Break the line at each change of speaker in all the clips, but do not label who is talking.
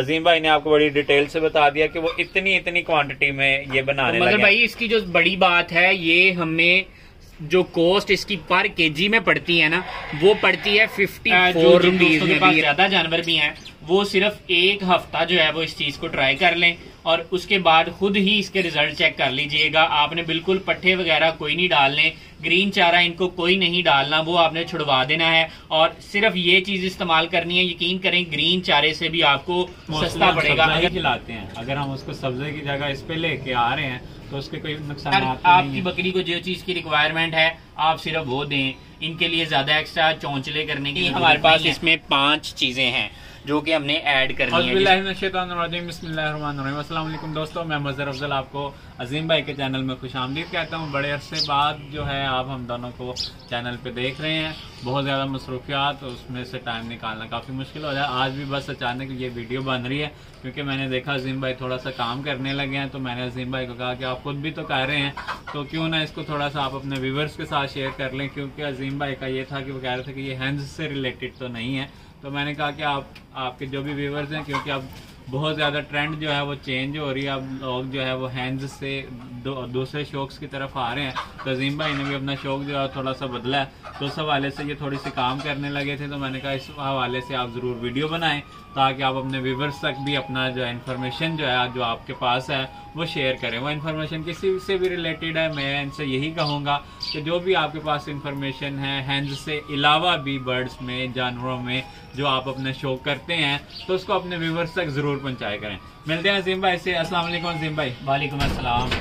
अजीम भाई ने आपको बड़ी डिटेल से बता दिया कि वो इतनी इतनी क्वांटिटी में ये बना रहे मगर भाई
इसकी जो बड़ी बात है ये हमें जो कॉस्ट इसकी पर केजी में पड़ती है ना वो पड़ती है फिफ्टी फोर रुपीज में ज्यादा जानवर भी है वो सिर्फ एक हफ्ता जो है वो इस चीज़ को ट्राई कर लें और उसके बाद खुद ही इसके रिजल्ट चेक कर लीजिएगा आपने बिल्कुल पट्टे वगैरह कोई नहीं डालने ग्रीन चारा इनको कोई नहीं डालना वो आपने छुड़वा देना है और सिर्फ ये चीज इस्तेमाल करनी है यकीन करें ग्रीन चारे से भी आपको सस्ता पड़ेगा अगर खिलाते
हैं अगर हम उसको सब्जी की जगह इस पे लेके आ रहे हैं तो उसके कोई
नुकसान आपकी बकरी को जो चीज की रिक्वायरमेंट है आप सिर्फ वो दें इनके लिए ज्यादा एक्स्ट्रा चौंचले करने की हमारे पास इसमें पांच चीजें हैं जो कि हमने ऐड करनी
है दोस्तों मैं मजर अफजल आपको अजीम भाई के चैनल में खुश आमदीद कहता हूँ बड़े अरसे बाद जो है आप हम दोनों को चैनल पे देख रहे हैं बहुत ज़्यादा मसरूफियात उसमें से टाइम निकालना काफ़ी मुश्किल हो जाए आज भी बस अचानक ये वीडियो बन रही है क्योंकि मैंने देखा अजीम भाई थोड़ा सा काम करने लगे हैं तो मैंने अजीम भाई को कहा कि आप खुद भी तो कह रहे हैं तो क्यों ना इसको थोड़ा सा आप अपने व्यूवर्स के साथ शेयर कर लें क्योंकि अजीम भाई का ये था कि वो कह रहे थे कि ये हैंड्स से रिलेटेड तो नहीं है तो मैंने कहा कि आप आपके जो भी व्यूवर्स हैं क्योंकि आप बहुत ज़्यादा ट्रेंड जो है वो चेंज हो रही है अब लोग जो है वो हैंड्स से दो दूसरे शौक्स की तरफ आ रहे हैं तजीम भाई ने भी अपना शौक जो है थोड़ा सा बदला है तो उस हवाले से ये थोड़ी सी काम करने लगे थे तो मैंने कहा इस हवाले से आप ज़रूर वीडियो बनाएं ताकि आप अपने व्यूवर्स तक भी अपना जो इन्फॉर्मेशन जो है जो आपके पास है वो शेयर करें वो इन्फॉर्मेशन किसी से भी रिलेटेड है मैं इनसे यही कहूँगा कि जो भी आपके पास इन्फॉर्मेशन है हैंड्स से अलावा भी बर्ड्स में जानवरों में जो आप अपना शौक करते हैं तो उसको अपने व्यूवर्स तक ज़रूर जरूर पहुँचाया करें मिलते हैं अजीम भाई से असलम अजीम भाई वालेकुम असलम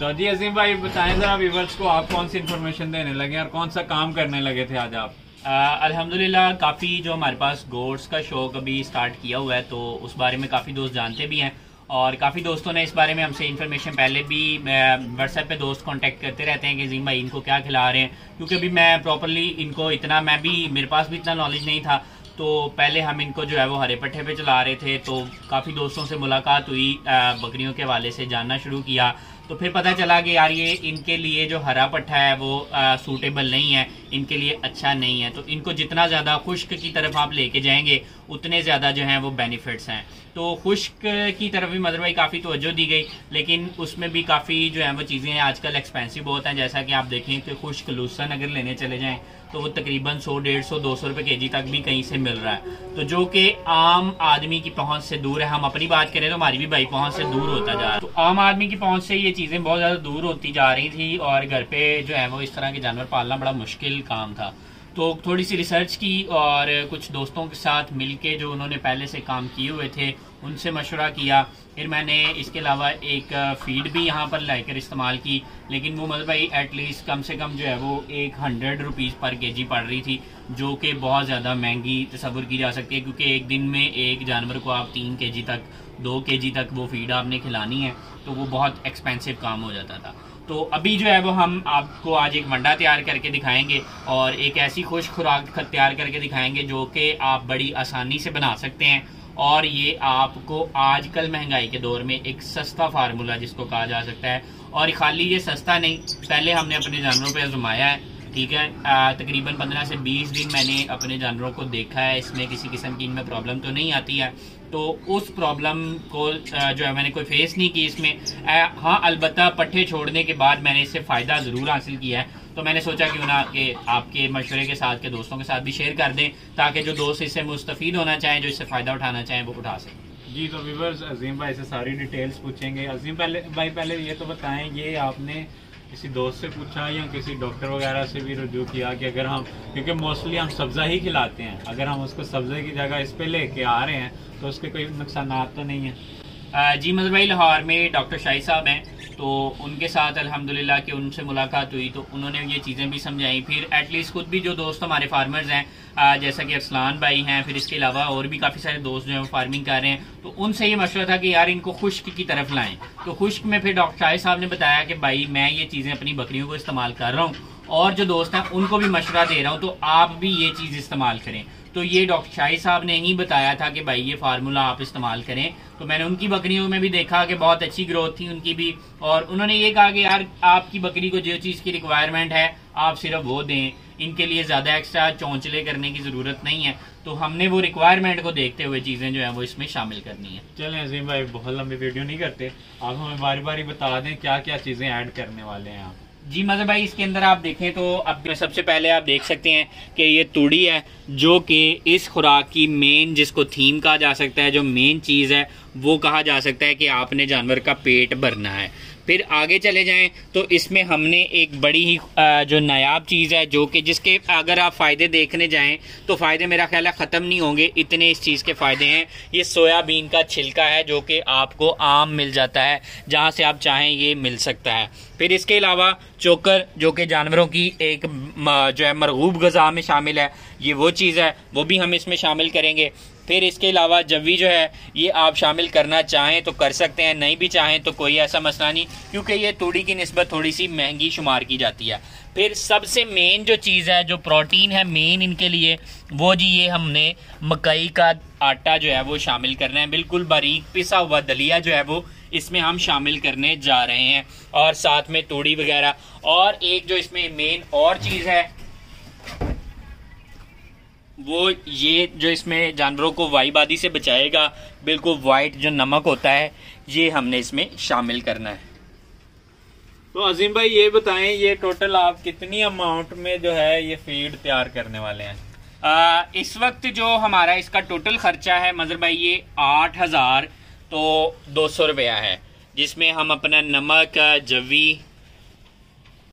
तो जी अजीम भाई बताएं जरा व्यूवर्स को आप कौन सी इन्फॉर्मेशन देने लगे और कौन सा काम करने लगे थे आज आप अल्हम्दुलिल्लाह काफ़ी जो हमारे पास गोड्स का शौक अभी स्टार्ट किया हुआ है तो उस
बारे में काफ़ी दोस्त जानते भी हैं और काफ़ी दोस्तों ने इस बारे में हमसे इन्फॉर्मेशन पहले भी व्हाट्सएप पे दोस्त कांटेक्ट करते रहते हैं कि जीम भाई इनको क्या खिला रहे हैं क्योंकि अभी मैं प्रॉपरली इनको इतना मैं भी मेरे पास भी इतना नॉलेज नहीं था तो पहले हम इनको जो है वो हरे पट्ठे पे चला रहे थे तो काफ़ी दोस्तों से मुलाकात हुई बकरियों के वाले से जानना शुरू किया तो फिर पता चला कि यार ये इनके लिए जो हरा पट्ठा है वो सूटेबल नहीं है इनके लिए अच्छा नहीं है तो इनको जितना ज़्यादा खुश्क की तरफ आप लेके जाएंगे उतने ज़्यादा जो हैं वो बेनिफिट्स हैं तो खुश्क की तरफ भी मदर भाई काफ़ी तोज्जो दी गई लेकिन उसमें भी काफ़ी जो है वो चीज़ें आजकल एक्सपेंसिव बहुत हैं जैसा कि आप देखें कि खुश्क लूसन अगर लेने चले जाएँ तो वो तकरीबन सौ डेढ़ सौ दो सौ रुपये के जी तक भी कहीं से मिल रहा है तो जो कि आम आदमी की पहुंच से दूर है हम अपनी बात करें तो हमारी भी भाई पहुंच से दूर होता जा रहा है तो आम आदमी की पहुंच से ये चीज़ें बहुत ज़्यादा दूर होती जा रही थी और घर पे जो है वो इस तरह के जानवर पालना बड़ा मुश्किल काम था तो थोड़ी सी रिसर्च की और कुछ दोस्तों के साथ मिलके जो उन्होंने पहले से काम किए हुए थे उनसे मशवरा किया फिर मैंने इसके अलावा एक फीड भी यहाँ पर लाकर इस्तेमाल की लेकिन वो मतलब भाई एटलीस्ट कम से कम जो है वो एक हंड्रेड रुपीज़ पर के जी पड़ रही थी जो कि बहुत ज़्यादा महंगी तस्वुर की जा सकती है क्योंकि एक दिन में एक जानवर को आप तीन के जी तक दो के जी तक वो फीड आपने खिलानी है तो वो बहुत एक्सपेंसिव काम हो जाता था तो अभी जो है वो हम आपको आज एक मंडा तैयार करके दिखाएंगे और एक ऐसी खुश खुराक तैयार करके दिखाएंगे जो कि आप बड़ी आसानी से बना सकते हैं और ये आपको आजकल महंगाई के दौर में एक सस्ता फार्मूला जिसको कहा जा सकता है और खाली ये सस्ता नहीं पहले हमने अपने जानवरों पे आजमाया है ठीक है तकरीबन 15 से 20 दिन मैंने अपने जानवरों को देखा है इसमें किसी किस्म की इनमें प्रॉब्लम तो नहीं आती है तो उस प्रॉब्लम को जो है मैंने कोई फेस नहीं की इसमें हाँ अलबत् पट्टे छोड़ने के बाद मैंने इससे फ़ायदा ज़रूर हासिल किया है तो मैंने सोचा क्यों ना कि आपके मशवरे के साथ के दोस्तों के साथ भी शेयर कर दें ताकि जो दोस्त इससे मुस्तफ़ होना चाहें जो इससे फ़ायदा उठाना चाहें वो उठा सकें
जी तो व्यूवर्स अजीम भाई से सारी डिटेल्स पूछेंगे अजीम पहले भाई पहले ये तो बताएं ये आपने किसी दोस्त से पूछा या किसी डॉक्टर वगैरह से भी रजू किया कि अगर हम क्योंकि मोस्टली हम सब्ज़ा ही खिलाते हैं अगर हम उसको सब्ज़े की जगह इस पर लेके आ रहे हैं तो उसके कोई नुकसान तो नहीं है जी मजबाई भाई लाहौर में डॉक्टर शाही साहब हैं तो उनके साथ
अल्हम्दुलिल्लाह कि उनसे मुलाकात हुई तो उन्होंने ये चीज़ें भी समझाई फिर एटलीस्ट खुद भी जो दोस्त हमारे फार्मर्स हैं जैसा कि अरसलान भाई हैं फिर इसके अलावा और भी काफ़ी सारे दोस्त जो हैं फार्मिंग कर रहे हैं तो उनसे ये मशवरा था कि यार इनको खुश्क की तरफ लाएं तो खुश्क में फिर डॉक्टर शाहिद साहब ने बताया कि भाई मैं ये चीज़ें अपनी बकरियों को इस्तेमाल कर रहा हूँ और जो दोस्त हैं उनको भी मशवरा दे रहा हूँ तो आप भी ये चीज़ इस्तेमाल करें तो ये डॉक्टर शाही साहब ने ही बताया था कि भाई ये फार्मूला आप इस्तेमाल करें तो मैंने उनकी बकरियों में भी देखा कि बहुत अच्छी ग्रोथ थी उनकी भी और उन्होंने ये कहा कि यार आपकी बकरी को जो चीज़ की रिक्वायरमेंट है आप सिर्फ वो दें इनके लिए ज़्यादा एक्स्ट्रा चौंचले करने की ज़रूरत नहीं है तो हमने वो रिक्वायरमेंट को देखते हुए चीज़ें जो है वो इसमें शामिल करनी
है चलें अजीम भाई बहुत लंबी वीडियो नहीं करते आप हमें बारी बारी बता दें क्या क्या चीज़ें ऐड करने वाले हैं आप जी मजहब भाई इसके अंदर आप देखें तो अब सबसे पहले आप देख सकते हैं कि ये
तूड़ी है जो कि इस खुराक की मेन जिसको थीम कहा जा सकता है जो मेन चीज़ है वो कहा जा सकता है कि आपने जानवर का पेट भरना है फिर आगे चले जाएं तो इसमें हमने एक बड़ी ही जो नायाब चीज़ है जो कि जिसके अगर आप फ़ायदे देखने जाएं तो फ़ायदे मेरा ख्याल है ख़त्म नहीं होंगे इतने इस चीज़ के फ़ायदे हैं ये सोयाबीन का छिलका है जो कि आपको आम मिल जाता है जहाँ से आप चाहें ये मिल सकता है फिर इसके अलावा चोकर जो कि जानवरों की एक जो है मरगूब गज़ा में शामिल है ये वो चीज़ है वो भी हम इसमें शामिल करेंगे फिर इसके अलावा जब भी जो है ये आप शामिल करना चाहें तो कर सकते हैं नहीं भी चाहें तो कोई ऐसा मसला नहीं क्योंकि ये तूड़ी की नस्बत थोड़ी सी महंगी शुमार की जाती है फिर सबसे मेन जो चीज़ है जो प्रोटीन है मेन इनके लिए वो जी ये हमने मकई का आटा जो है वो शामिल करना है बिल्कुल बारीक पिसा हुआ दलिया जो है वो इसमें हम शामिल करने जा रहे हैं और साथ में तूड़ी वगैरह और एक जो इसमें मेन और चीज़ है वो ये जो इसमें जानवरों को वाईबादी से बचाएगा बिल्कुल वाइट जो नमक होता है ये हमने इसमें शामिल करना है
तो अजीम भाई ये बताएं ये टोटल आप कितनी अमाउंट में जो है ये फीड तैयार करने वाले हैं
आ, इस वक्त जो हमारा इसका टोटल खर्चा है मजर भाई ये आठ हज़ार तो दो सौ रुपया है जिसमें हम अपना नमक जवी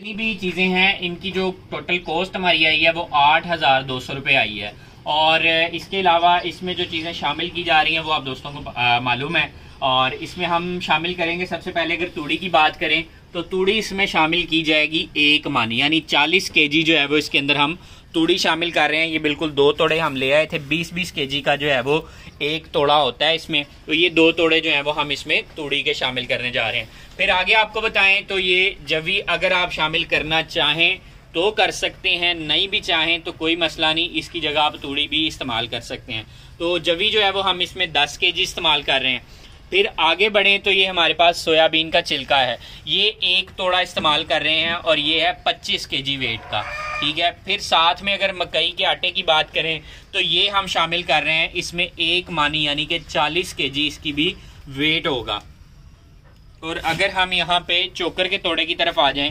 जितनी भी चीज़ें हैं इनकी जो टोटल कॉस्ट हमारी आई है वो आठ हज़ार दो सौ रुपये आई है और इसके अलावा इसमें जो चीज़ें शामिल की जा रही हैं वो आप दोस्तों को मालूम है और इसमें हम शामिल करेंगे सबसे पहले अगर तूड़ी की बात करें तो तूड़ी इसमें शामिल की जाएगी एक मानी यानी 40 केजी जो है वो इसके अंदर हम तूड़ी शामिल कर रहे हैं ये बिल्कुल दो तोड़े हम ले आए थे 20-20 जी का जो है वो एक तोड़ा होता है इसमें तो ये दो तोड़े जो है वो हम इसमें तोड़ी के शामिल करने जा रहे हैं फिर आगे आपको बताएं तो ये जवी अगर आप शामिल करना चाहें तो कर सकते हैं नहीं भी चाहें तो कोई मसला नहीं इसकी जगह आप तूड़ी भी इस्तेमाल कर सकते हैं तो जवी जो है वो हम इसमें दस के इस्तेमाल कर रहे हैं फिर आगे बढ़े तो ये हमारे पास सोयाबीन का छिलका है ये एक तोड़ा इस्तेमाल कर रहे हैं और ये है पच्चीस के जी वेट का ठीक है फिर साथ में अगर मकई के आटे की बात करें तो ये हम शामिल कर रहे हैं इसमें एक मानी यानी कि 40 के जी इसकी भी वेट होगा और अगर हम यहाँ पे चोकर के तोड़े की तरफ आ जाएं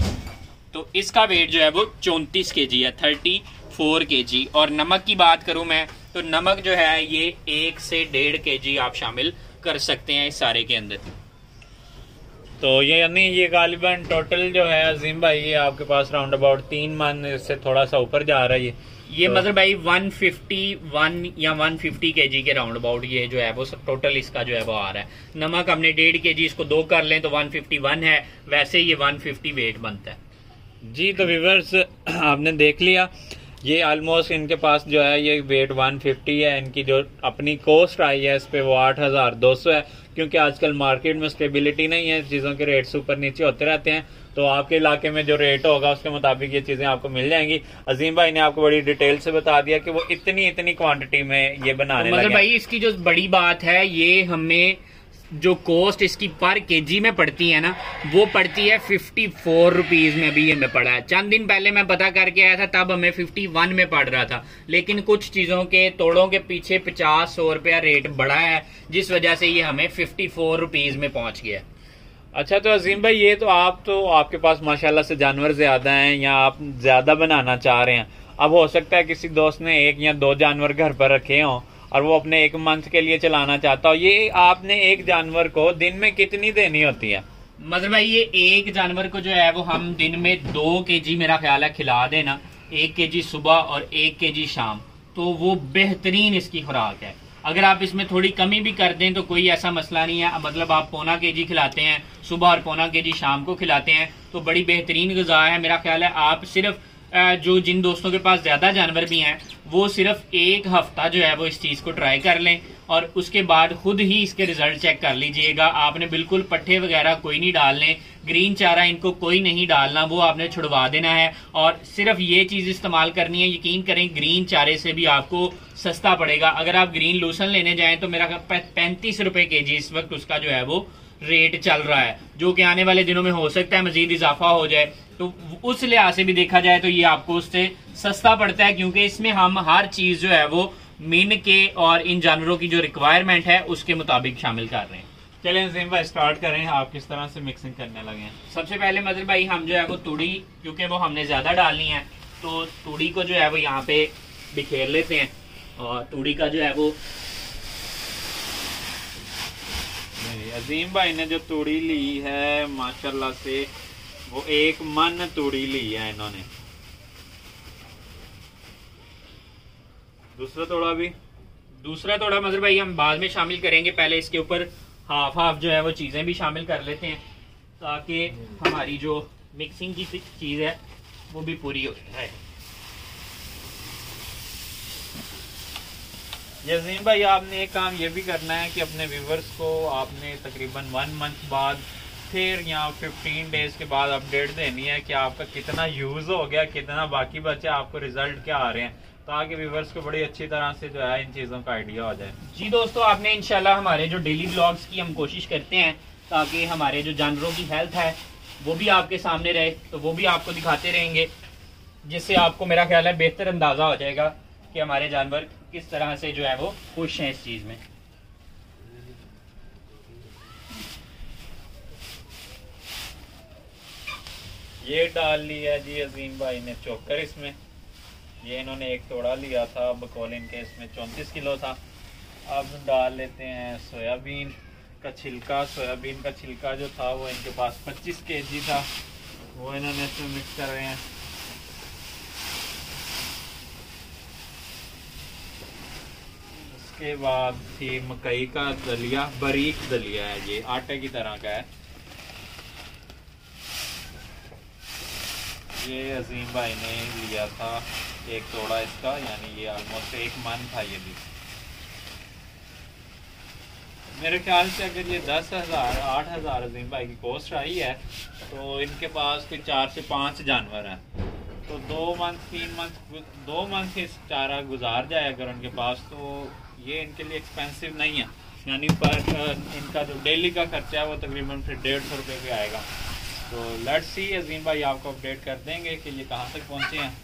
तो इसका वेट जो है वो चौंतीस के जी है थर्टी फोर के जी और नमक की बात करूँ मैं तो नमक जो है ये एक से डेढ़ के जी आप शामिल कर सकते हैं इस सारे के अंदर
तो ये यानी ये गालिबन टोटल जो है अजीम भाई ये आपके पास राउंड अबाउट तीन मन से थोड़ा सा ऊपर जा रहा है ये ये तो, मतलब भाई 150 वन या 150 फिफ्टी के जी के राउंड अबाउट ये जो है वो टोटल इसका जो
है वो आ रहा है नमक हमने डेढ़ के जी इसको दो कर लें तो 151 है वैसे ये 150
वेट बनता है जी तो विवर्स आपने देख लिया ये ऑलमोस्ट इनके पास जो है ये वेट 150 है इनकी जो अपनी कॉस्ट आई है इस पर वो 8,200 है क्योंकि आजकल मार्केट में स्टेबिलिटी नहीं है चीज़ों के रेट्स ऊपर नीचे होते रहते हैं तो आपके इलाके में जो रेट होगा उसके मुताबिक ये चीज़ें आपको मिल जाएंगी अजीम भाई ने आपको बड़ी डिटेल से बता दिया कि वो इतनी इतनी क्वांटिटी में ये बनाने तो मतलब भाई
इसकी जो बड़ी बात है ये हमें जो कॉस्ट इसकी पर केजी में पड़ती है ना वो पड़ती है फिफ्टी फोर रुपीज में अभी ये में पड़ा है चंद दिन पहले मैं पता करके आया था तब हमें फिफ्टी वन में पड़ रहा था लेकिन कुछ चीजों के तोड़ों के पीछे पचास सौ रुपया रेट बढ़ा है जिस वजह से ये हमें फिफ्टी फोर रुपीज में पहुंच गया
अच्छा तो अजीम भाई ये तो आप तो आपके पास माशाला से जानवर ज्यादा है या आप ज्यादा बनाना चाह रहे हैं अब हो सकता है किसी दोस्त ने एक या दो जानवर घर पर रखे हों और वो अपने एक मंथ के लिए चलाना चाहता हूँ ये आपने एक जानवर को दिन में कितनी देनी होती है
मतलब भाई ये एक जानवर को जो है वो हम दिन में दो के जी मेरा ख्याल है खिला देना एक के जी सुबह और एक के जी शाम तो वो बेहतरीन इसकी खुराक है अगर आप इसमें थोड़ी कमी भी कर दें तो कोई ऐसा मसला नहीं है मतलब आप पौना के जी खिलाते हैं सुबह और पौना के जी शाम को खिलाते हैं तो बड़ी बेहतरीन गजा है मेरा ख्याल है आप सिर्फ जो जिन दोस्तों के पास ज़्यादा जानवर भी हैं वो सिर्फ एक हफ्ता जो है वो इस चीज़ को ट्राई कर लें और उसके बाद खुद ही इसके रिजल्ट चेक कर लीजिएगा आपने बिल्कुल पट्टे वगैरह कोई नहीं डालने ग्रीन चारा इनको कोई नहीं डालना वो आपने छुड़वा देना है और सिर्फ ये चीज़ इस्तेमाल करनी है यकीन करें ग्रीन चारे से भी आपको सस्ता पड़ेगा अगर आप ग्रीन लूसन लेने जाएं तो मेरा पैंतीस रुपए के जी इस वक्त उसका जो है वो रेट चल रहा है जो कि आने वाले दिनों में हो सकता है मजीद इजाफा हो जाए तो उस लिहाज से भी देखा जाए तो ये आपको उससे सस्ता पड़ता है क्योंकि इसमें हम हर चीज जो है वो मीन के और इन जानवरों की जो रिक्वायरमेंट है उसके मुताबिक शामिल कर रहे हैं चले नजीम भाई स्टार्ट करें आप किस तरह से मिक्सिंग करने लगे हैं सबसे पहले मदर भाई हम जो है वो तूड़ी क्योंकि वो हमने ज्यादा डालनी है तो तूड़ी को जो है वो यहाँ पे
बिखेर लेते हैं और तूड़ी का जो है वो अजीम भाई ने जो तूड़ी ली है माशाल्लाह से वो एक मन तूड़ी ली है इन्होंने
दूसरा तोड़ा भी दूसरा तोड़ा मजर भाई हम बाद में शामिल करेंगे पहले इसके ऊपर हाफ हाफ जो है वो चीज़ें भी शामिल कर लेते हैं ताकि हमारी जो
मिक्सिंग की चीज़ है वो भी पूरी हो जाए जजीम भाई आपने एक काम ये भी करना है कि अपने व्यूवर्स को आपने तकरीबन वन मंथ बाद फिर या फिफ्टीन डेज के बाद अपडेट देनी है कि आपका कितना यूज़ हो गया कितना बाकी बचा आपको रिजल्ट क्या आ रहे हैं ताकि तो व्यूवर्स को बड़ी अच्छी तरह से जो है इन चीज़ों का आइडिया हो जाए जी दोस्तों आपने इनशाला हमारे जो डेली
ब्लॉग्स की हम कोशिश करते हैं ताकि हमारे जो जानवरों की हेल्थ है वो भी आपके सामने रहे तो वो भी आपको दिखाते रहेंगे जिससे आपको मेरा ख्याल है बेहतर अंदाज़ा हो जाएगा कि हमारे जानवर किस तरह से जो है वो खुश हैं इस चीज़ में
ये डाल लिया जी अजीम भाई ने चोकर इसमें ये इन्होंने एक तोड़ा लिया था कॉलिन के इसमें चौंतीस किलो था अब डाल लेते हैं सोयाबीन का छिलका सोयाबीन का छिलका जो था वो इनके पास पच्चीस के जी था वो इन्होंने इसमें मिक्स कर रहे हैं इसके बाद थी मकई का दलिया बारीक दलिया है ये आटे की तरह का है ये अजीम भाई ने लिया था एक तोड़ा इसका यानी ये ऑलमोस्ट एक मन था ये भी मेरे ख्याल से अगर ये दस हज़ार आठ हज़ार अजीम भाई की कॉस्ट आई है तो इनके पास कोई चार से पांच जानवर हैं तो दो मंथ तीन मंथ दो मंथ इस चारा गुजार जाए अगर उनके पास तो ये इनके लिए एक्सपेंसिव नहीं है यानी पर इनका जो डेली का खर्चा है वो तकरीबन फिर डेढ़ सौ रुपये भी आएगा तो लेट सी अजीम भाई आपको अपडेट कर देंगे कि ये कहाँ तक पहुँचे हैं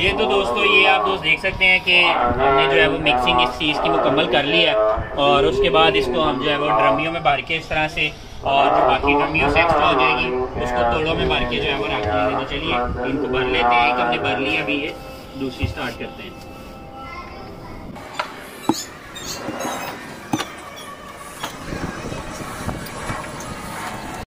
ये तो दोस्तों ये आप दोस्त देख
सकते हैं कि हमने जो है वो मिक्सिंग इस चीज़ की मुकम्मल कर ली है और उसके बाद इसको हम जो है वो ड्रमियों में भर के इस तरह से और जो बाकी ड्रमियों से एक्स्ट्रा हो जाएगी उसको तोड़ों में भर के जो है वो रख देंगे तो चलिए इनको भर लेते हैं एक हमने भर लिया अभी ये दूसरी स्टार्ट करते हैं